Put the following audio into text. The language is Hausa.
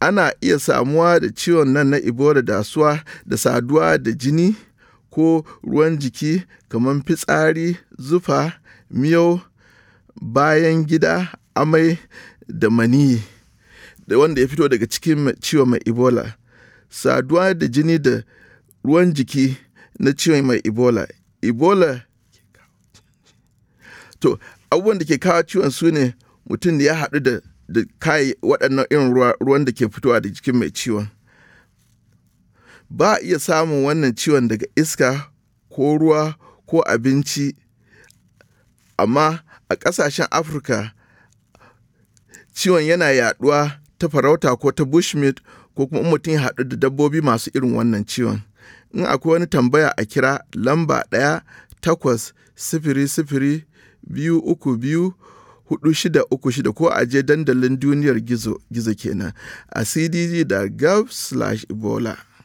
ana iya samuwa da ciwon nan na ebola da da saduwa da jini ko ruwan jiki kamar fitsari zufa miyau bayan gida amai da mani da wanda ya fito daga cikin ciwon mai ebola saduwa da jini da ruwan jiki na ciwon mai ebola ebola to abubuwan da ke kawo ciwon su ne mutum da ya haɗu da da kai waɗannan irin ruwan da ke fitowa da jikin mai ciwon ba a iya samun wannan ciwon daga iska ko ruwa ko abinci amma a ƙasashen afirka ciwon yana yaɗuwa ta farauta ko ta bushmeat ko kuma mutum ya haɗu da dabbobi masu irin wannan ciwon in akwai wani tambaya a kira lamba ɗaya takwas sifiri sifiri biyu uku biyu 4636 ko a je dandalin duniyar gizo gizo kenan a da cdg.gov/ebola.